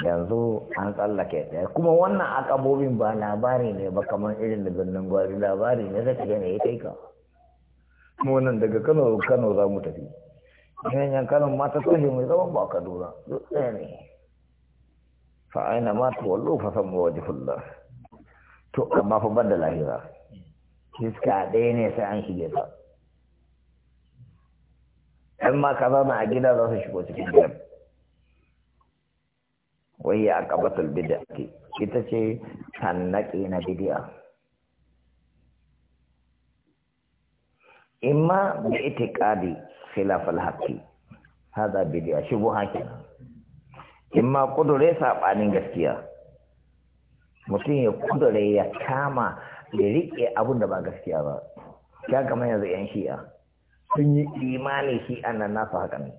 yanzu an tsallake ɗaya kuma wannan akabobin ba labari ne ba kamar irin da birnin gwari labari ne zai tafiya ne ya kai ka mu nan daga kano kano za mu tafi yanyan kano mata sohe mai zaman ba kaduna duk ɗaya ne fa aina ma ta wallo fa san waje fulla to amma fa ban da lahira iska ɗaya ne sai an shige ta Yan ma kaza na a gida za su shigo cikin gidan wai ya akabatul bid'a ita ce tannaki na bid'a imma bi itiqadi khilaf al-haqqi hada bid'a shubuha kenan imma kudure sabanin gaskiya mutum ya kudure ya kama ya riƙe abun da ba gaskiya ba ya kamar yanzu yan shi'a sun yi imani shi'an nan nasu haka ne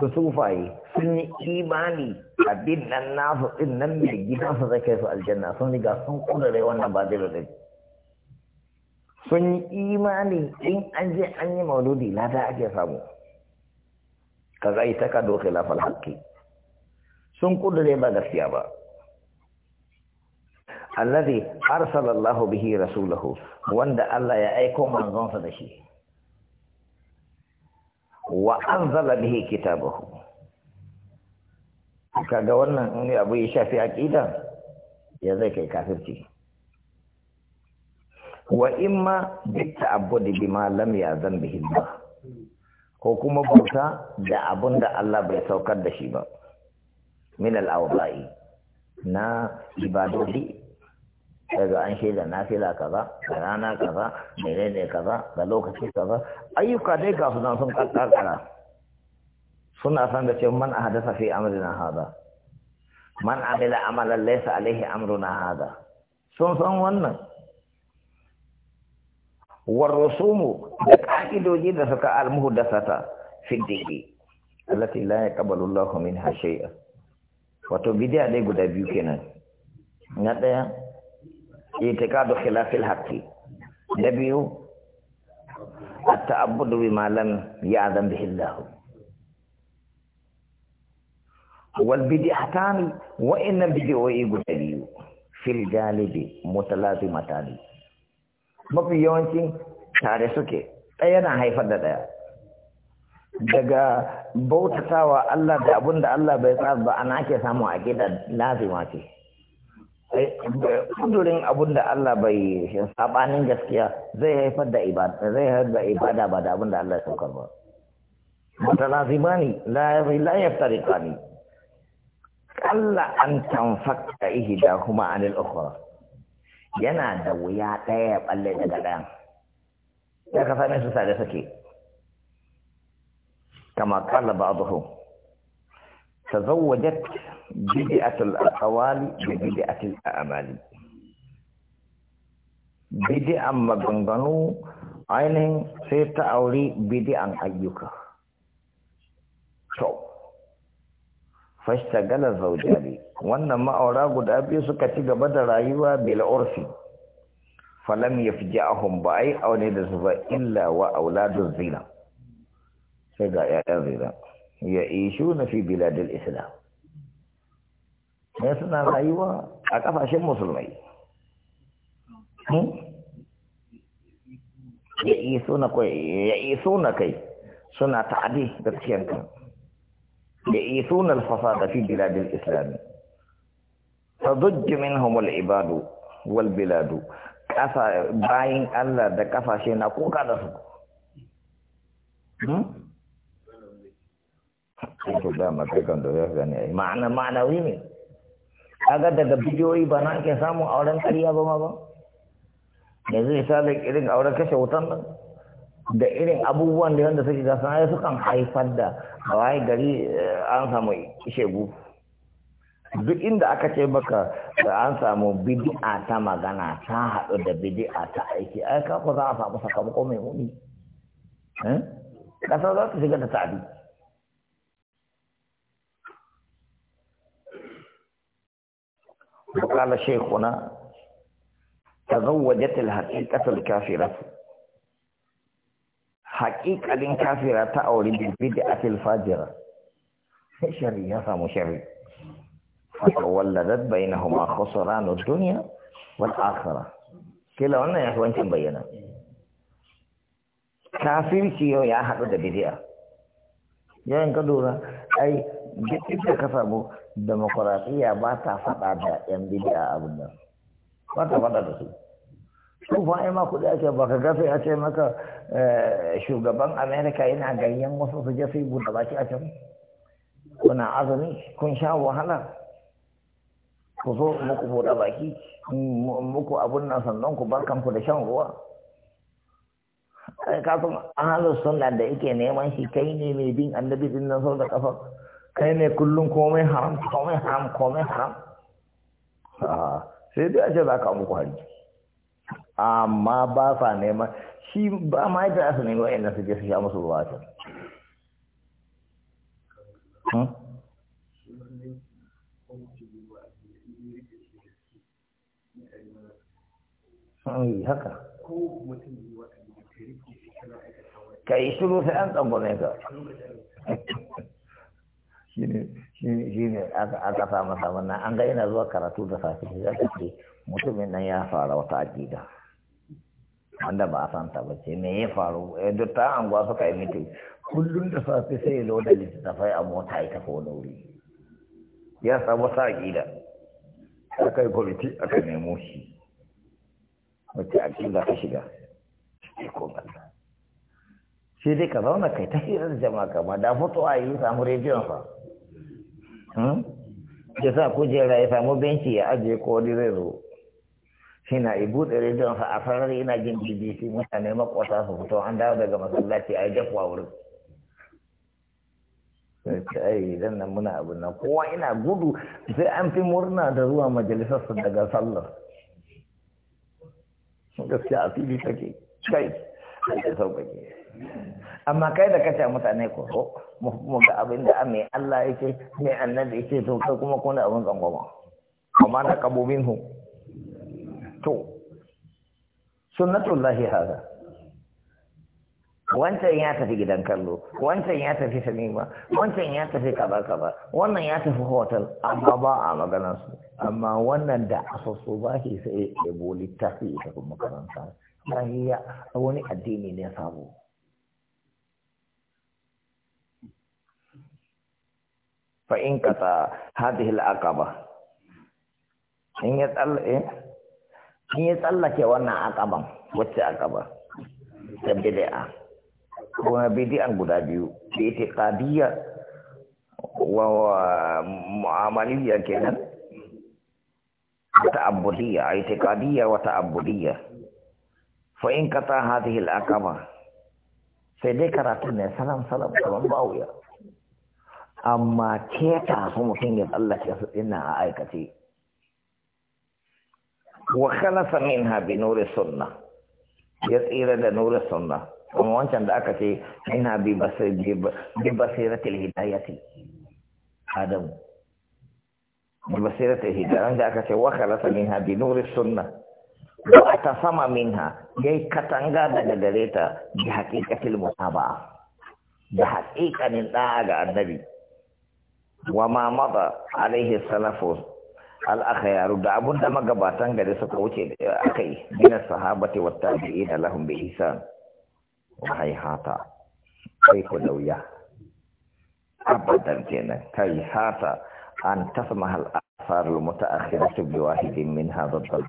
su sufaye sun yi imani abin nan nasu din nan mai gida su kai su aljanna sun riga sun kudare wannan ba zai sun yi imani in an je an yi mauludi lada ake samu ka zai ta kado khilafal sun kudare ba gaskiya ba allazi arsalallahu bihi rasulahu wanda Allah ya aiko manzonsa da shi wa anzala bihi kitabahu kaga wannan in abu ya shafi aqida ya zai kai kafirci wa imma bi ta'abbudi bima lam yazan bihi Allah ko kuma bauta da abun da Allah bai saukar da shi ba min al-awda'i na ibadodi daga an shaida nafila kaza da rana kaza da menene kaza da lokaci kaza ayyuka dai ga su sun kakkara suna san da cewa man ahdasa fi amrina hada man amila amalan laysa alaihi amruna hada sun san wannan war rusumu da ka'idoji da suka almuhdasata fi dini allati la yaqbalu Allahu minha shay'a wato bidiya dai guda biyu kenan na daya itikadu khilafil haqqi nabiyu at-ta'abbudu bima lam ya'dham bihi Allah wal bid'atan wa inna bid'a wa igudaliyu fil galibi mutalazimatan mafi yawanci tare suke ɗaya na haifar da ɗaya daga bautatawa Allah da abunda da Allah bai tsara ba ana ake samu a gida lazima ce Eh, kudurin abun da Allah bai shi sabanin gaskiya zai haifar da ibada zai haifar da ibada ba da abun da Allah ya saukar ba mutalazimani la la yaftariqani kalla an da kuma anil ukhra yana da wuya daya balle daga ɗayan ya ka same su sare sake kama kalla ba'dhum تزوجت بدعة الأقوال ببدعة الأعمال بدعة مغنغنو ainihin sai ta auri bidi'an ayyuka. To, fashta gala zaujari, wannan ma'aura guda biyu suka ci gaba da rayuwa bil urfi. Falam ya fi ja'ahun ba a yi aure da su ba illa wa auladun zina. Sai ga ‘ya'yan zina. ya'ishuna fi biladil islam suna rayuwa a kafashin musulmai ya'isuna kai suna ta'adi da cikinka ya'isuna alfasada fi biladil islam tadujju minhum al-ibadu wal biladu kafa bayin Allah da kafashe na kuka da su sai to da matakan da zai gani ai ma'ana ma'anawi ne kaga daga bidiyoyi bana na ake samun auren ƙarya ba ma ba yanzu misalin irin auren kashe wutan nan da irin abubuwan da yadda suke gasa ya sukan haifar da a gari an samu shegu duk inda aka ce baka da an samu bid'a ta magana ta haɗu da bid'a ta aiki ai eh, ka za a samu sakamako mai muni kasar za ta shiga da ta'adi وقال شيخنا تزوجت الحقيقة الكافرة حقيقة الكافرة تأولي بالبدعة الفاجرة شري يا سامو شري فتولدت بينهما خسران الدنيا والآخرة كلا وانا يا أخوان تبينا kafirci yau ya haɗu da bidiya yawan ka lura ai duk demokrasiya ba ta faɗa da yan bidiya abin nan ba ta faɗa da su su fa ai ma kuɗi ake ba ka gafe a ce maka eh, shugaban amerika yana ganyen wasu su je su buɗe baki a can kuna azumi kun sha wahala ku zo muku buɗe baki muku abun nan sannan ku bar kanku da shan ruwa kafin ahalus sunna da yake neman shi kai ne mai bin annabi din nan sau da kafa kai ne kullum komai haram komai haram komai haram ah, sai dai a ce za ka muku hari amma ba sa neman shi ba ma yadda su neman wa'in da suke su sha musu ruwa can hmm? haka shiru sai an tsangwame shi ne aka sa masa wannan an ga yana zuwa karatu da safi da ta ce mutumin nan ya fara wata aƙida wanda ba a san ta ba ce me ya faru ya eh, dutta ta gwa suka yi mutu. kullum da safi sai ya loda littattafai a mota ya tafi wani wuri ya samu wata aƙida aka yi kwamiti aka nemo shi wacce aƙida ta shiga ikon Allah sai dai ka zauna kai ta hirar jama'a kama da fito a yi samu rediyon fa Hmm? ya sa kujera ya samu benci ya ajiye ko wani zai zo shina i buɗe rediyon sa a farar ina jin bbc mutane makwasa su fito an dawo daga masallaci a jafuwa wurin ai idan nan muna abu nan kowa ina gudu sai an fi murna da zuwa majalisar su daga sallar gaskiya a fili take kai sai sauƙaƙe amma kai da kace mutane ko so mu ga abin da ame Allah yake ne annabi yake to kai kuma kuna abin tsangwama amma na kabo minhu to sunnatullahi hada wancan ya tafi gidan kallo wancan ya tafi sanima, wancan ya tafi kaba-kaba, wannan ya tafi hotel amma ba a maganar su amma wannan da so ba shi sai ya bo littafi ita kuma karanta ya wani addini ne sabo fa in kata hadhihi al-aqaba in ya tsallake in ya tsallake wannan aqaban wacce aqaba ta bid'a ko na bid'an guda biyu ta itiqadiyya wa mu'amaliyya kenan ta'abbudiyya itiqadiyya wa ta'abbudiyya fa in kata hadhihi al-aqaba sai dai karatun ne salam salam kaman bawuya amma ke tafi mutum ya tsallake su ina a aikace wa samin ha bi nuri sunna ya tsira da nuri sunna kuma wancan da aka ce ina bi basiratul hidayati adam bi basiratul hidayati da aka ce wa samin ha bi nuri sunna wa ha ya yi katanga daga gareta bi haqiqatil musaba, da haƙiƙanin ɗa'a ga annabi wa ma mada alaihi salafu al-akhyaru da abun da magabatan gare suka wuce aka yi min sahabati wa tabi'ina lahum bi ihsan wa hata kai ko dauya abadan kenan kai hata an tasmaha al asar al-mutaakhiratu bi wahidin min hadha al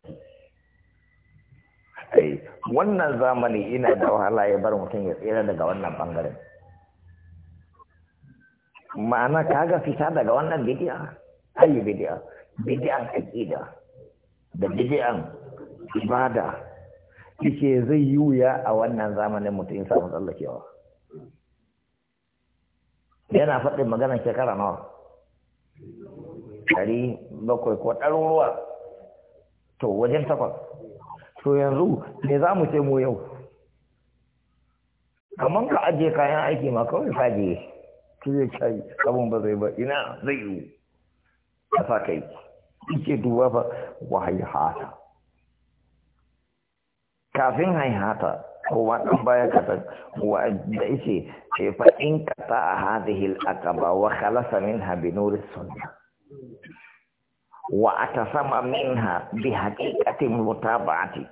ai wannan zamani ina da wahala ya bar mutum ya tsira daga wannan bangaren ma'ana kaga fita daga wannan bidiya ayi bidiya bidi'an aqida da bidi'an ibada yake zai yi wuya a wannan zamanin mutum samu tsallakewa yana faɗin maganar shekara nawa ɗari bakwai ko ɗaruruwa to wajen takwas to yanzu me za mu ce mu yau kamar ka ajiye kayan aiki ma kawai fajiye Ka zai kai abun ba zai ba ina zai yi a sa kai Ike duba ba wa haihata kafin haihata kowa ɗan baya kaɗan wa da ishe ce eh, fa in kata a hadihil akaba wa khalasa min ha bi nuri sunna wa sama min ha bi haƙiƙatin mutaba'ati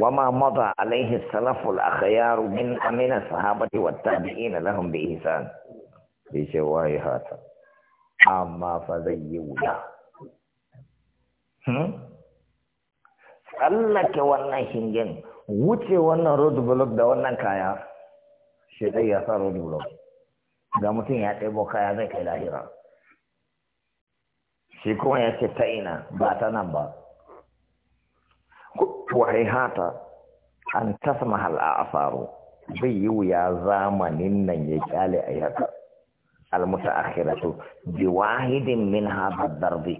وما مضى عليه السلف الأخيار من أمين الصحابة والتابعين لهم بإحسان fa هذا أما فزيونا tsallake wannan shingen wuce wannan road block da wannan kaya shi dai ya road block ga mutum ya ɗebo kaya zai kai lahira shi kuma ya ce ta ina ba ta nan ba wahihata an hal al'asaru zai yi wuya zamanin nan ya kyale a yaka mutaakhiratu bi wahidin min hadha darbi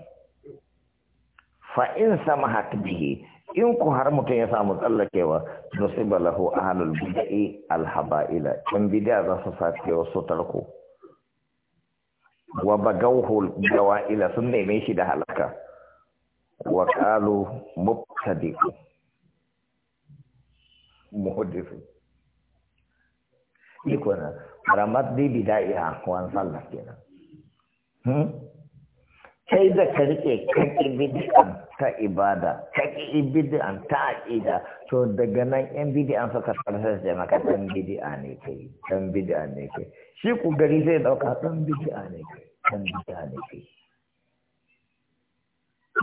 fa in samahat bihi in ku har mutum ya samu tsallakewa nusiba lahu ahlul bid'i alhaba'ila in bid'a za su sace wasu tarko wa bagawhu Jawa'ila sun neme shi da halaka wa qalu mubtadi muhaddith iko na ramat di bidaiha wan sallah kenan hmm kai da ka rike kaki bid'an ta ibada kaki bid'an ta aqida to daga nan yan bid'an suka tsarsa da maka dan bid'a ne kai dan bid'a ne kai shi ku gari zai ɗauka, ɗan bid'a ne kai dan bid'a ne kai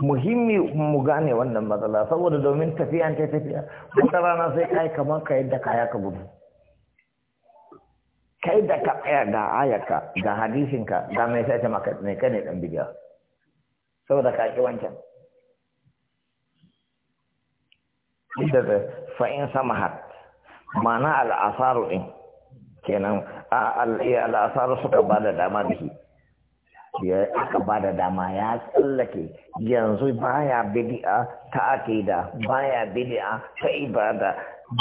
muhimmi mu gane wannan matsala saboda domin tafiya ta tafiya wata rana sai kai kamar ka yadda kaya ka gudu kai da ka tsaya ga ayaka ga hadisinka ga mai sai ta maka ne kane dan bidiya saboda ka ki wancan inda da fa in samahat mana al asaru din kenan al asaru suka bada dama da shi ya aka ba da dama ya tsallake yanzu baya bidi'a ta akida baya bidi'a ta ibada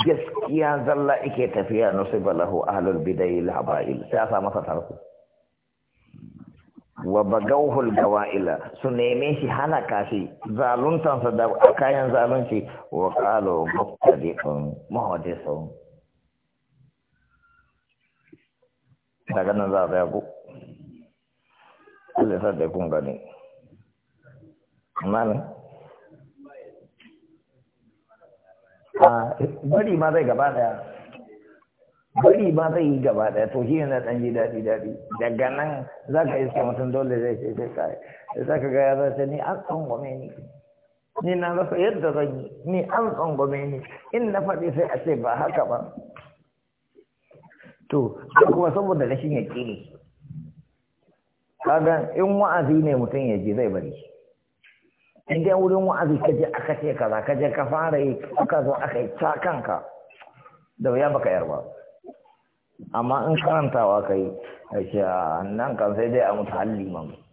gaskiya zalla ike tafiya nusiba lahu ahlul bidai labail sai a masa tarko wa bagawhul gawaila su neme shi halaka shi zaluntansa da kayan zalunci wa qalu daga nan za a Allah sa da kun gani amma a bari ma zai gaba daya bari ma zai yi gaba daya to shi yana dan ji dadi dadi daga nan za ka iska mutum dole zai ce sai kai za ka ga ya zace ni an tsangwame ni ni na rasa yadda zan yi ni an tsangwame ni in na faɗi sai a ce ba haka ba to kuma saboda rashin ne. kaga in wa'azi ne mutum ya je zai bari in dai wurin wa'azi ka je aka ce kaza ka je ka fara yi aka zo aka yi ta kanka da wuya baka yarba amma in karantawa kai a nan kan sai dai a mutu halli mamu